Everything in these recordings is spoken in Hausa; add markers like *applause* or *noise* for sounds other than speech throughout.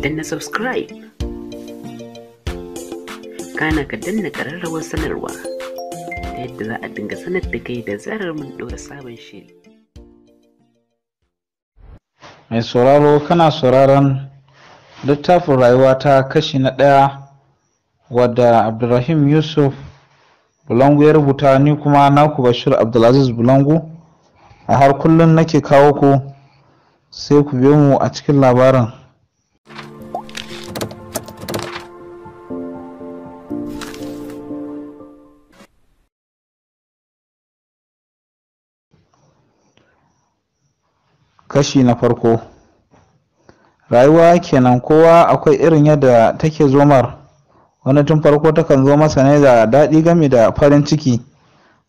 danna subscribe kana ka danna kararrawar sanarwa ta yadda za a dinga sanar da kai da zarar mun ɗora sabon shiri mai sauraro kana sauraron littafin rayuwa ta kashi na ɗaya wadda abdulrahim yusuf bulangu ya rubuta ni kuma naku bashir abdulaziz bulangu a har kullum nake kawo ku sai ku biyo mu a cikin labarin kashi na farko rayuwa kenan kowa akwai irin yadda take zomar wani tun farko takan zo masa ne da daɗi game da farin ciki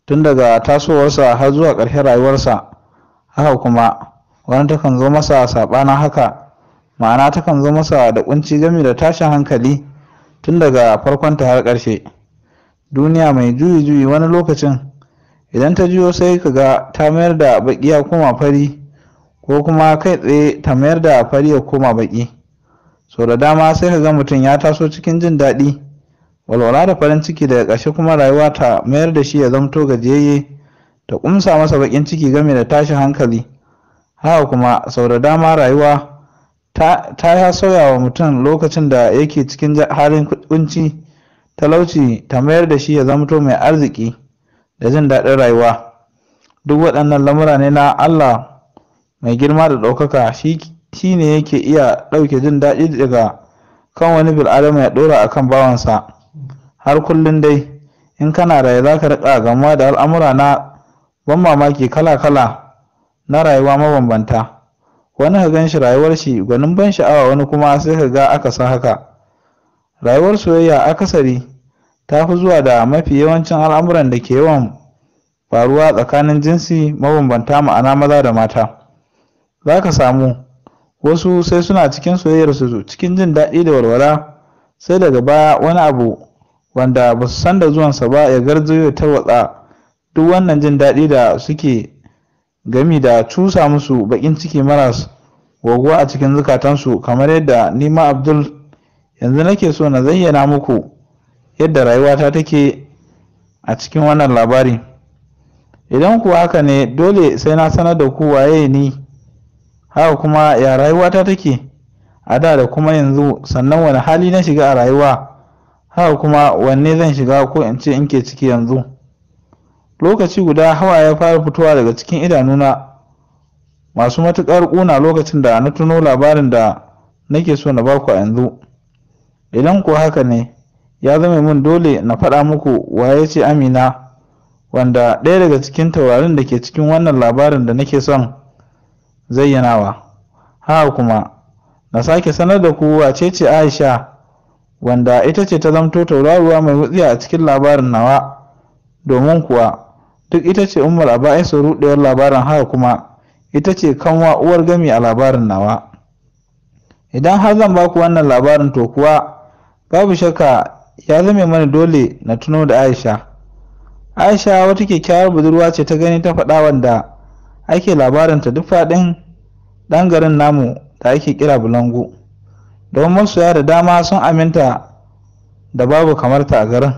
tun daga tasowarsa har zuwa ƙarshen rayuwarsa haka kuma wani takan zo masa saɓana haka ma'ana takan zo masa da ƙunci game da tashin hankali tun daga farkonta har ƙarshe duniya mai juyi juyi wani lokacin idan ta juyo sai ka ga ta mayar da baƙiya kuma fari ko kuma kai tsaye ta mayar da fari ya koma baki sau da dama sai ka ga mutum ya taso cikin jin daɗi walwala da farin ciki daga ƙarshe kuma rayuwa ta mayar da shi ya zamto gajiyayye ta kumsa masa bakin ciki game da tashin hankali haka kuma sau da dama rayuwa ta ya sauya wa mutum lokacin da yake cikin halin kunci talauci ta mayar da shi ya zamto mai arziki da jin daɗin rayuwa duk waɗannan lamura ne na allah mai girma da ɗaukaka shi ne yake iya ɗauke jin daɗi daga kan wani bil'adama ya ɗora a kan bawansa har kullum dai in kana raye za ka riƙa gamuwa da al'amura na ban mamaki kala-kala na rayuwa mabambanta wani ka gan shi rayuwar shi gwanin ban sha'awa wani kuma sai ka ga aka sa haka rayuwar soyayya akasari ta fi zuwa da mafi yawancin al'amuran da ke yawan faruwa tsakanin jinsi mabambanta ma'ana maza da mata za ka samu wasu sai suna cikin soyayyarsu cikin jin daɗi da walwala sai daga baya wani abu wanda ba su san da zuwansa ba ya garzayo ta watsa duk wannan jin daɗi da suke gami da cusa musu bakin ciki maras waguwa a cikin zukatansu kamar yadda nima abdul yanzu nake so na zayyana muku yadda rayuwata take a cikin wannan labari idan kuwa haka ne dole sai na sanar da ku waye ni haka kuma ya rayuwata take a da da kuma yanzu sannan wani hali na shiga a rayuwa haka kuma wanne zan shiga ko in ce in ke ciki yanzu lokaci guda hawa ya fara fitowa daga cikin idanuna masu matuƙar ƙuna lokacin da na tuno labarin da nake so na baku a yanzu idan ko haka ne ya zama min dole na faɗa muku waye ce amina wanda ɗaya daga cikin taurarin da ke cikin wannan labarin da nake son zayyanawa haka kuma na sake sanar da ku wace ce aisha wanda ita ce ta zamto tauraruwa mai wutsiya a cikin labarin nawa domin kuwa duk ita ce umar a bayan su rudewar labarin haka kuma ita ce kanwa uwar gami a labarin nawa idan har zan baku wannan labarin to kuwa babu shakka ya zame mana dole na tuno da aisha aisha wata kyakkyawar budurwa ce ta gani ta faɗa wanda ake labaranta duk faɗin ɗan garin namu da ake kira bulangu don masoya da dama sun aminta da babu kamarta a garin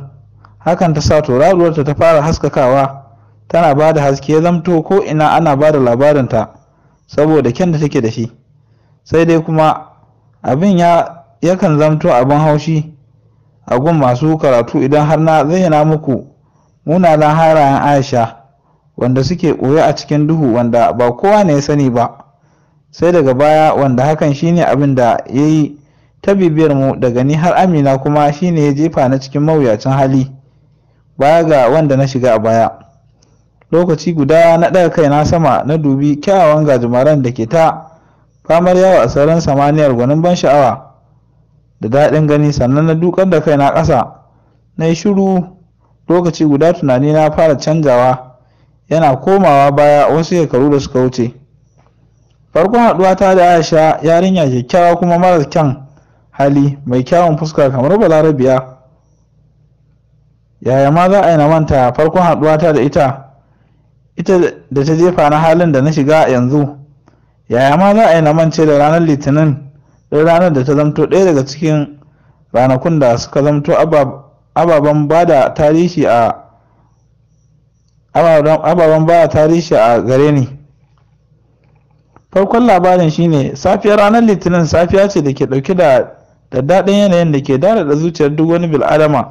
hakan ta sa tauraruwarta ta fara haskakawa tana ba da haske zamto ko ina ana ba da labarinta saboda kyan da take da shi sai dai kuma abin ya yakan zamto abin haushi a gun masu karatu idan har na zai na muku munanan harayen aisha wanda suke ɓoye a cikin duhu wanda ba kowa ne ya sani ba sai daga baya wanda hakan shine abin da ya yi ta bibiyar mu daga ni har amina kuma shine ya jefa na cikin mawuyacin hali baya ga wanda na shiga a baya lokaci guda na ɗaga kaina sama na dubi kyawawan gajimaren da ke ta famar yawa a sauran samaniyar gwanin ban sha'awa da daɗin gani sannan na dukar da kaina ƙasa na yi shiru lokaci guda tunani na fara canjawa yana komawa baya wasu shekaru da suka wuce farkon haɗuwa ta da aisha yarinya kyakkyawa kuma mara kyan hali mai kyawun fuska kamar balarabiya yaya ma za a yi na manta farkon haɗuwa ta da ita ita da ta jefa na halin da na shiga yanzu yaya ma za a yi na mance da ranar litinin da ranar da ta zamto ɗaya daga cikin ranakun da suka zamto ababen ba da tarihi a ababen ba tarihi a gare ni farkon labarin shine safiyar ranar litinin safiya ce da ke dauke da daddaɗin yanayin da ke da zuciyar duk wani bil'adama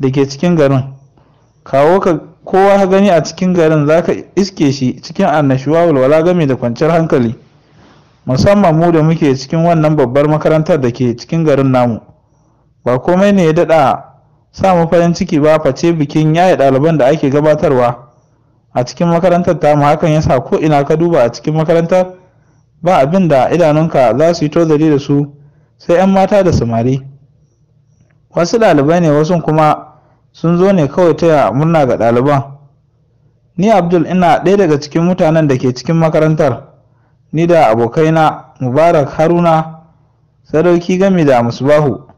da ke cikin garin kawo ka kowa gani a cikin garin za ka iske shi cikin annashuwa walwala game da kwanciyar hankali musamman mu da muke cikin wannan babbar makarantar da ke cikin garin namu ba komai ne ya daɗa Sa farin ciki ba face bikin yaye ɗaliban da ake gabatarwa a cikin makarantar ta mu hakan yasa ko ina ka duba a cikin makarantar ba abin da idanunka za su yi tozari da su sai 'yan mata da samari wasu ɗalibai ne wasu kuma sun zo ne kawai taya murna ga ɗaliban ni abdul ina ɗaya daga cikin mutanen da ke cikin makarantar ni da abokaina mubarak haruna sadauki gami da musbahu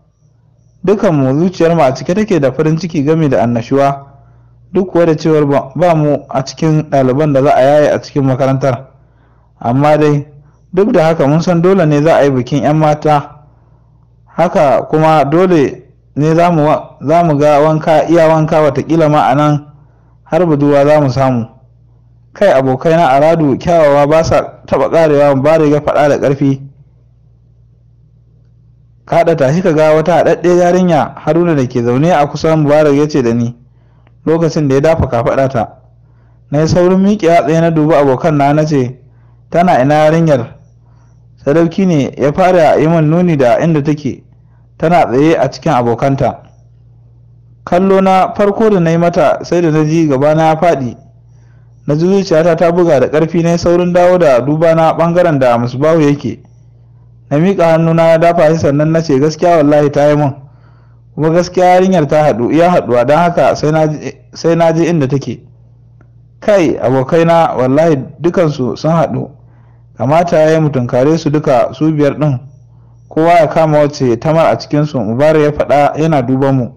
dukanmu zuciyarmu a cike take da farin ciki game da annashuwa duk kuwa da cewar ba mu a cikin ɗaliban da za a yaye a cikin makarantar amma dai duk da haka mun san dole ne za a yi bikin 'yan mata haka kuma dole ne za mu ga wanka iya wanka watakila ma a nan har buduwa za mu samu kai abokaina a radu kyawawa ba sa taɓa ƙarewa ba riga faɗa da ƙarfi kaɗa tashi ka ga wata haɗaɗɗe yarinya haruna da ke zaune a kusan mubarak ya ce da ni lokacin da ya dafa kafaɗa ta na yi saurin miƙewa tsaye na dubi abokan na na ce tana ina yarinyar sadauki ne ya fara yi min nuni da inda take tana tsaye a cikin abokanta kallo na farko da na yi mata sai da na ji gabana ya faɗi na ji zuciyata ta buga da ƙarfi na saurin dawo da duba na ɓangaren da musbahu yake na miƙa hannuna na dafa shi sannan na ce gaskiya wallahi ta yi mun kuma gaskiya yarinyar ta haɗu iya haɗuwa don haka sai na je inda take kai abokaina wallahi dukansu sun haɗu kamata ya yi tunkare su duka su biyar ɗin kowa ya kama wace tamar a cikinsu mubarak ya faɗa yana duban mu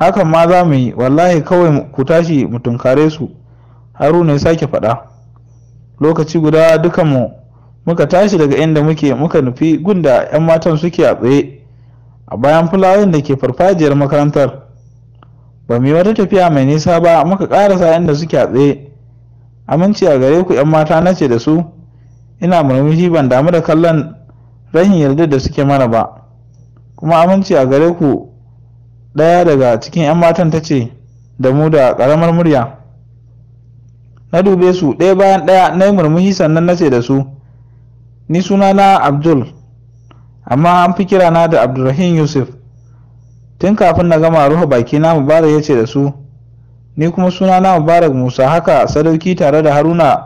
hakan ma za mu yi wallahi kawai ku tashi tunkare su haruna ya sake faɗa lokaci guda dukanmu muka tashi daga inda muke muka nufi gunda 'yan matan suke a tsaye a bayan fulawin da ke farfajiyar makarantar ba mu yi wata tafiya mai nisa ba muka ƙarasa inda suke a tsaye aminci a gare ku 'yan mata na ce da su ina murmushi ban damu da kallon rahin yarda da suke mana ba kuma aminci a gare ku ɗaya daga cikin 'yan matan ta ce da mu da ƙaramar murya na dube su ɗaya bayan ɗaya na yi murmushi sannan na ce da su ni sunana abdul amma an fi kirana da abdulrahim yusuf tun kafin na gama baki bakina mubarak ya ce da su ni kuma sunana mubarak musa haka sadauki tare da haruna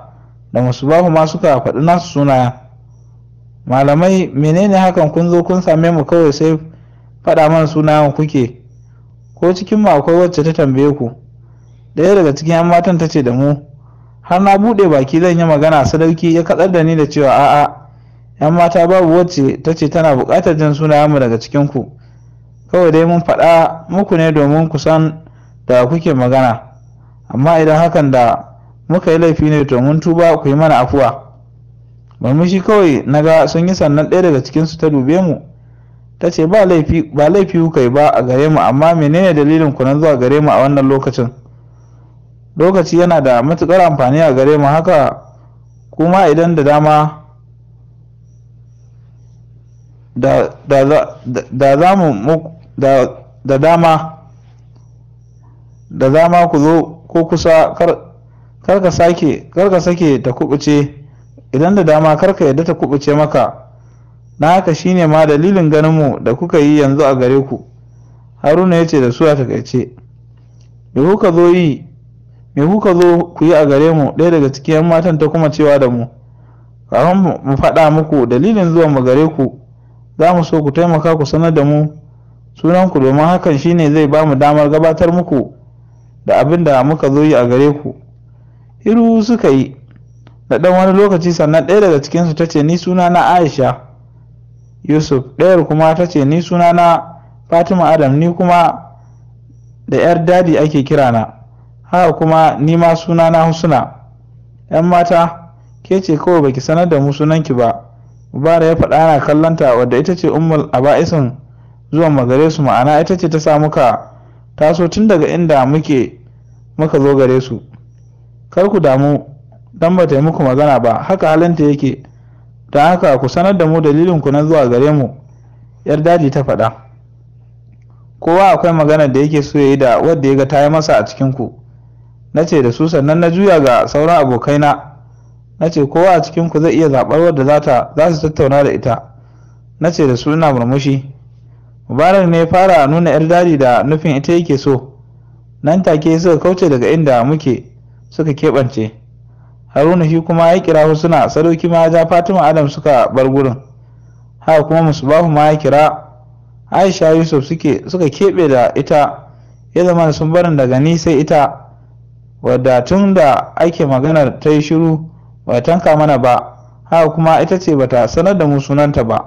da bahu ma suka faɗi nasu sunaya malamai menene hakan kun zo kun same mu kawai sai faɗa mana sunayen kuke ko cikin mu akwai wacce ta tambaye ku ɗaya daga cikin yan matan ta ce da mu har na buɗe baki zan yi magana sadauki ya katsar da ni da cewa a'a 'yan mata babu wacce ta ce tana buƙatar jin sunayenmu daga cikin ku. kawai dai mun faɗa muku ne domin ku san da kuke magana amma idan hakan da muka yi laifi ne to mun tuba ku yi mana afuwa murmushi kawai na ga sun yi sannan ɗaya daga cikinsu ta dube mu ta ce ba laifi kuka yi ba a gare mu amma menene dalilin ku na zuwa gare mu a wannan lokacin lokaci yana da matuƙar amfani a gare mu haka kuma idan da dama da za mu da dama da dama ku zo ko kusa karka sake karka sake ta kubuce idan da dama karka yadda ta kubuce maka na haka shine ma dalilin ganinmu da kuka yi yanzu a gare ku haruna ya ce da suwa ta takaice me kuka zo yi me kuka zo ku yi a gare mu ɗaya daga cikin yan matan ta kuma cewa da mu kafin mu faɗa muku dalilin zuwan mu gare ku za mu so ku taimaka ku sanar da mu sunanku domin hakan shine zai ba mu damar gabatar muku da abin da muka zo yi a gare ku hiru suka yi da ɗan wani lokaci sannan ɗaya daga cikinsu ta ce ni suna na aisha yusuf ɗayar kuma ta ce ni suna na fatima adam ni kuma da 'yar dadi ake na. haka kuma ni ma suna na husna 'yan mata ke ce kawai baki sanar da mu sunanki ba bara ya faɗa ana kallonta wadda ita ce ummul aba'isin zuwan magare su ma'ana ita ce ta sa muka taso tun daga inda muke muka zo gare su kar ku damu dan ba ta yi muku magana ba haka halinta yake don haka ku sanar da mu dalilin ku na zuwa gare mu yar daji ta faɗa kowa akwai magana da yake so ya yi da wadda ya ga ta yi masa a cikin ku na ce da su sannan na juya ga sauran abokaina na ce kowa a cikinku zai iya zaɓar wadda za su tattauna da ita na ce da su ina murmushi mubarak ne fara nuna yar dadi da nufin ita yake so nan take suka kauce daga inda muke suka keɓance haruna shi kuma ya kira suna sadauki ma ja fatima adam suka bar gurin haka kuma musubahu ma ya kira aisha yusuf suka keɓe da ita ya zama da sun barin daga ni sai ita wadda tun da ake maganar ta yi shiru ba tanka mana ba haka kuma ita ce bata sanar da mu sunanta ba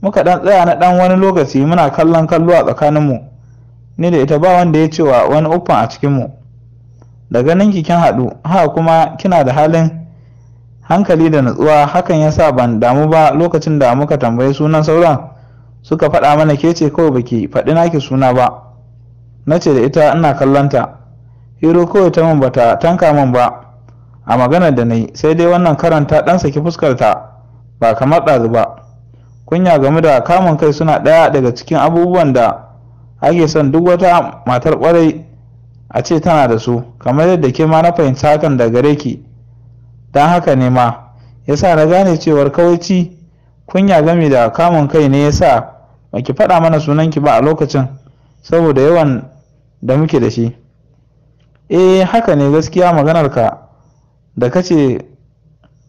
muka dan tsaya na dan wani lokaci muna kallon kallo a tsakanin mu ni da ita ba wanda ya cewa wani uffan a cikinmu da ganin ki kin haɗu haka kuma kina da halin hankali da natsuwa hakan ya sa ban damu ba lokacin da muka tambayi sunan sauran suka faɗa mana ke ce kawai baki faɗi naki suna ba na ce da ita ina kallonta hiro kawai ta min bata tanka min ba a maganar da na yi sai dai wannan karanta ɗan saki fuskarta ba kamar ɗazu ba kunya game da kamun kai suna ɗaya daga cikin abubuwan da ake son duk wata matar kwarai a ce tana da su kamar yadda ke ma na fahimci hakan da gare ki don haka ne ma yasa na gane cewar kawaici kunya game da kamun kai ne ya yasa ki faɗa mana sunan ki ba a lokacin saboda yawan da muke da shi eh haka ne gaskiya maganar ka da kace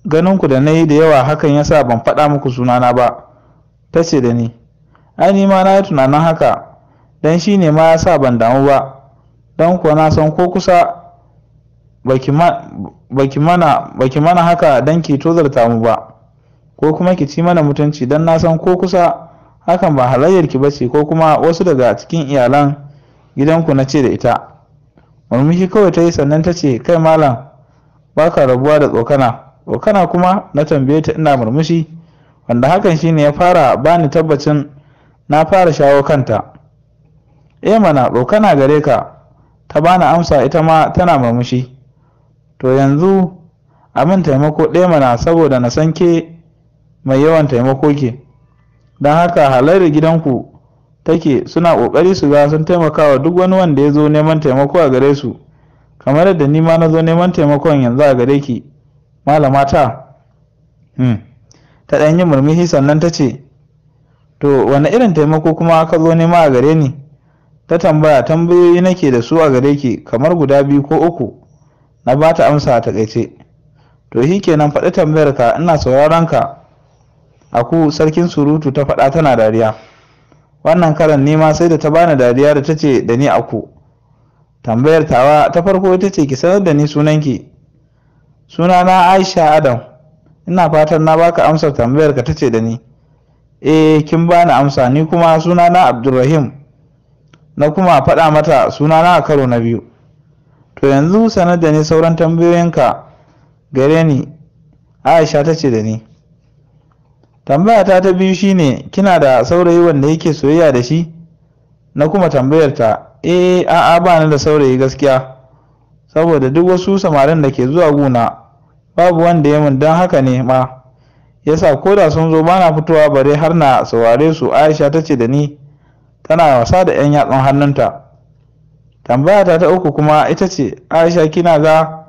ganinku da na yi da yawa hakan ya sa ban faɗa muku sunana ba ta ce da ni ai ma na yi tunanin haka don shi ne ma ya sa ban damu ba don kuwa na san ko kusa baki mana haka don ki tozarta mu ba ko kuma ki ci mana mutunci don na san ko kusa hakan ba halayyar ki bace ko kuma wasu daga cikin iyalan gidanku na ce da ita murmushi kawai ta yi sannan ta ce kai malam baka rabuwa da tsokana tsokana kuma na tambaye ta ina murmushi wanda hakan shine ya fara bani tabbacin na fara shawo kanta eh mana tsokana gare ka ta bani amsa ita ma tana murmushi to yanzu abin taimako ɗaya mana saboda na san ke mai yawan taimako ke don haka halayyar gidanku take suna ƙoƙari su ga sun taimakawa duk wani wanda ya zo neman taimako a gare su kamar yadda ni ma na zo neman taimakon yanzu a gare ki malama ta hmm. ta ɗan yi murmushi sannan ta ce to wani irin taimako kuma ka zo nema a gare ni ta tambaya tambayoyi nake da su a gare ki kamar guda biyu ko uku na ba ta amsa ta takaice to shi kenan faɗi tambayar ka ina sauraron ka a ku sarkin surutu ta faɗa tana dariya wannan karan nema sai da ta bani dariya da ta ce da ni aku tambayar tawa ta farko ita ce ki sanar da ni sunanki sunana aisha adam ina fatan na baka amsar tambayar ka ta ce da ni eh kin bani amsa ni kuma sunana abdulrahim na kuma faɗa mata sunana a karo na biyu to yanzu sanar da ni sauran tambayoyinka gare ni aisha ta ce da ni tambaya ta ta biyu shine kina da saurayi wanda yake soyayya da shi na kuma tambayar ta eh a'a ba ni da saurayi gaskiya saboda duk wasu samarin da ke zuwa guna babu wanda ya mun don haka ne ma yasa ko da sun zo bana fitowa bare har na saurare su aisha ta ce da ni tana wasa da 'yan yatsun hannunta tambaya ta ta uku kuma ita ce aisha kina ga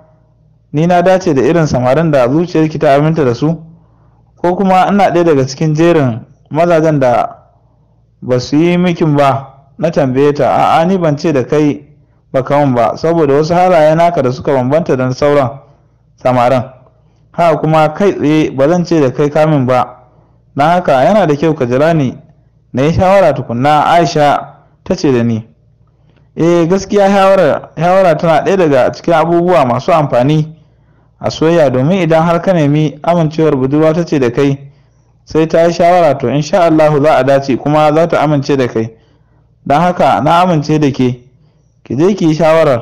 ni na dace da irin samarin da zuciyarki ta aminta da su ko kuma ina ɗaya daga cikin jerin mazajen da ba su yi mikin ba na tambaye ta a'a ni ban ce da kai ba mun ba saboda wasu halaye naka da suka bambanta da sauran samaran. ha kuma kai tsaye ba zan ce da kai kamin ba don haka yana da kyau ka jira ni na yi shawara tukunna aisha ta ce da ni eh gaskiya shawara tana ɗaya daga cikin abubuwa masu amfani a soyayya domin idan har ka nemi amincewar budurwa ta ce da kai sai ta yi shawara to insha Allah za a dace kuma za ta amince da kai don haka na amince da ke ki je ki yi shawarar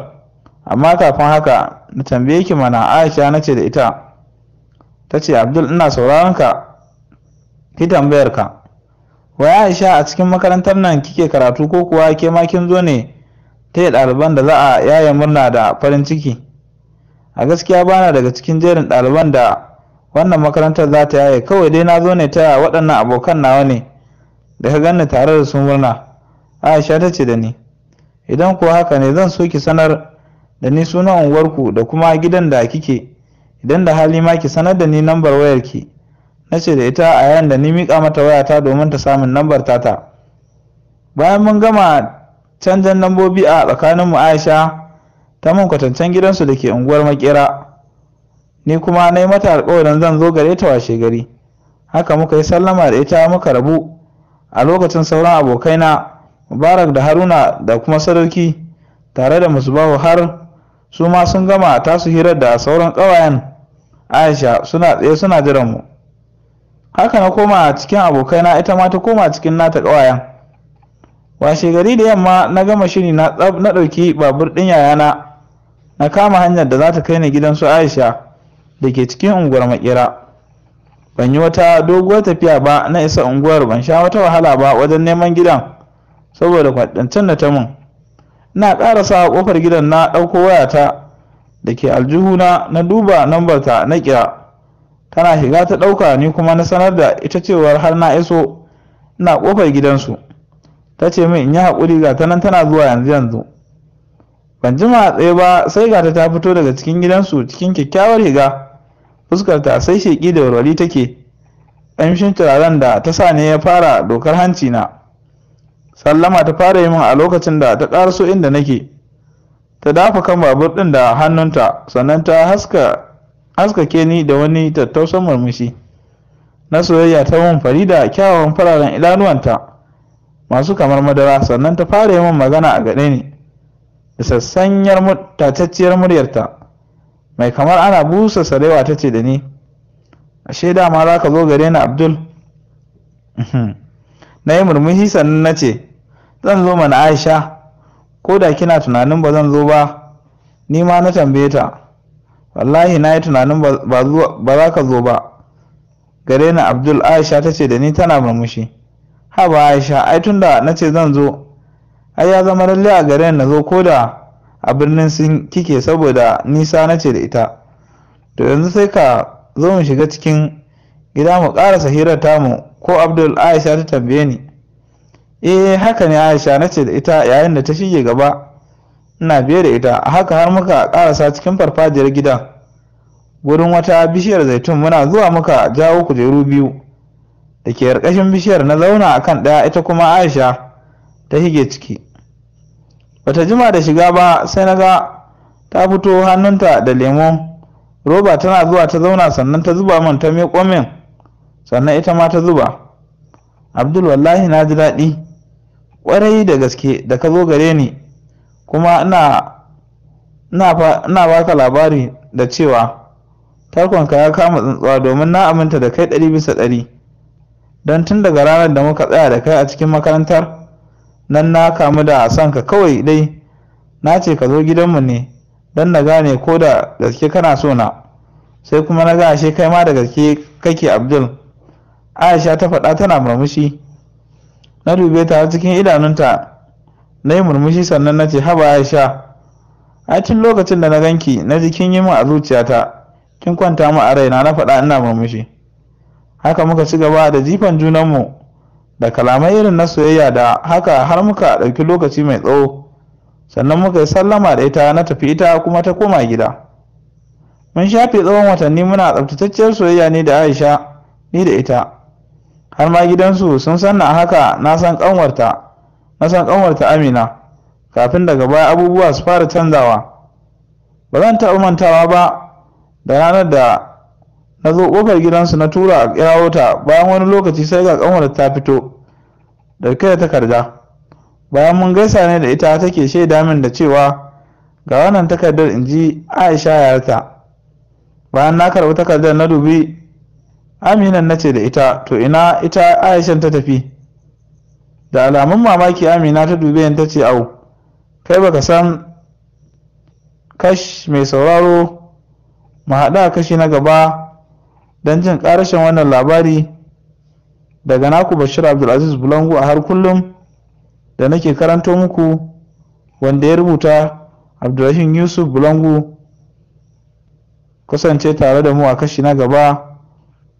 amma kafin haka na tambaye ki mana aisha na ce da ita ta ce abdul ina sauraron ka ki tambayar ka wai aisha a cikin makarantar nan kike karatu ko kuwa ke makin zo ne ta yi ɗaliban da za a yaya murna da farin ciki a gaskiya bana daga cikin jerin ɗaliban da wannan makarantar za ta yaye kawai dai na zo ne ta waɗannan abokan nawa ne da ka ganni tare da su murna aisha ta ce da ni idan ko haka ne zan so ki sanar da ni sunan unguwarku da kuma gidan da kike idan da hali ma ki sanar da ni nambar wayarki na ce da ita a yayin da ni mika mata wayata domin ta samun nambar tata bayan mun gama canjan lambobi a tsakaninmu aisha ta mun kwatancan gidansu da ke unguwar makera ni kuma na yi mata alkawarin zan zo gare ta washe gari haka muka yi sallama da ita muka rabu a lokacin sauran abokaina mubarak da haruna da kuma sadauki tare da musubahu har su ma sun gama tasu hirar da sauran kawayen aisha suna tsaye suna jiran mu haka na koma cikin abokaina ita ma ta koma cikin nata kawayen. washe gari da yamma na gama shiri na na ɗauki babur ɗin yayana na kama hanyar da za ta kai ni gidan su aisha da ke cikin unguwar makira ban yi wata doguwar tafiya ba na isa unguwar ban sha wata wahala ba wajen neman gidan saboda kwaɗancen na ta mun ina ƙara sawa ƙofar gidan na ɗauko wayata da ke aljihuna na duba ta na kira tana shiga ta ɗauka ni kuma na sanar da ita cewar har na iso ina ƙofar gidansu ta ce min in yi haƙuri ga tanan tana zuwa yanzu yanzu ban jima a tsaye ba sai gata ta fito daga cikin gidansu cikin kyakkyawar higa fuskarta sai sheki da warwari take ƙamshin turaren da ta sa ne ya fara dokar hanci na sallama ta fara yi min a lokacin da ta ƙaraso inda nake ta dafa kan babur ɗin da hannunta sannan ta haska haskake ni da wani tattausan murmushi na soyayya ta mun fari da kyawawan fararen idanuwanta masu kamar madara sannan ta fara yi min magana a gaɗe ni da sassanyar tacacciyar muryarta mai kamar ana busa sarewa ta ce da ni ashe dama za ka zo gare ni abdul *laughs* na yi murmushi sannan na ce zan zo mana aisha ko da kina tunanin ba zan zo ba ni ma na tambaye ta wallahi na yi tunanin ba za ka zo ba gare ni abdul aisha ta ce da ni tana murmushi ha ba aisha ai tunda na ce zan zo ai ya zama lalle a gare na zo ko da a birnin sun kike saboda nisa na ce da ita to yanzu sai ka zo mu shiga cikin gida mu ƙarasa hirar tamu ko abdul aisha ta tambaye ni eh haka ne aisha na ce da ita yayin da ta shige gaba ina biye da ita haka har muka karasa cikin farfajiyar gidan wurin wata bishiyar zaitun muna zuwa muka jawo kujeru biyu da ke bishiyar na zauna a kan ɗaya ita kuma aisha ta shige ciki bata jima da shiga ba sai na ga ta fito hannunta da lemo roba tana zuwa ta zauna sannan ta zuba min ta miƙo min sannan ita ma ta zuba abdul wallahi na ji daɗi ƙwarai da gaske da ka zo gare ni kuma ina baka labari da cewa tarkonka ya kama tsuntsuwa domin na aminta da kai ɗari bisa ɗari don tun daga ranar da muka tsaya da kai a cikin makarantar nan na kamu da son ka kawai dai na ce ka zo gidanmu ne don na gane ko da gaske kana so na sai kuma na gashe kai ma da gaske kake abdul aisha ta faɗa tana murmushi na dube ta cikin idanunta na yi murmushi sannan na ce haba aisha a cikin lokacin da na ganki na ji kin yi min a zuciyata kin kwanta mu a raina na faɗa ina murmushi haka muka ci gaba da jifan junanmu da kalamai irin na soyayya da haka har muka ɗauki lokaci mai tsawo sannan muka yi sallama da ita na tafi ita kuma ta koma gida mun shafe tsawon watanni muna tsaftatacciyar soyayya ne da aisha ni da ita har ma gidansu sun sanna a haka na san kanwarta na san kanwarta amina kafin daga baya abubuwa su fara canzawa ba zan taɓa mantawa ba da ranar da na zo ƙofar gidansu na tura a kirawota bayan wani lokaci sai ga kanwar ta fito ɗauke da takarda bayan mun gaisa ne da ita take shaida min da cewa ga wannan takardar in ji aisha yarta bayan na karɓi takardar na dubi aminan na ce da ita to ina ita aishan ta tafi da alamun mamaki amina ta dube ta ce au kai baka san kash mai sauraro mu haɗa kashi na gaba don jin ƙarashin wannan labari daga naku bashir abdulaziz bulangu a har kullum da nake karanto muku wanda ya rubuta abdulrahim yusuf bulangu kasance tare da mu a kashi na gaba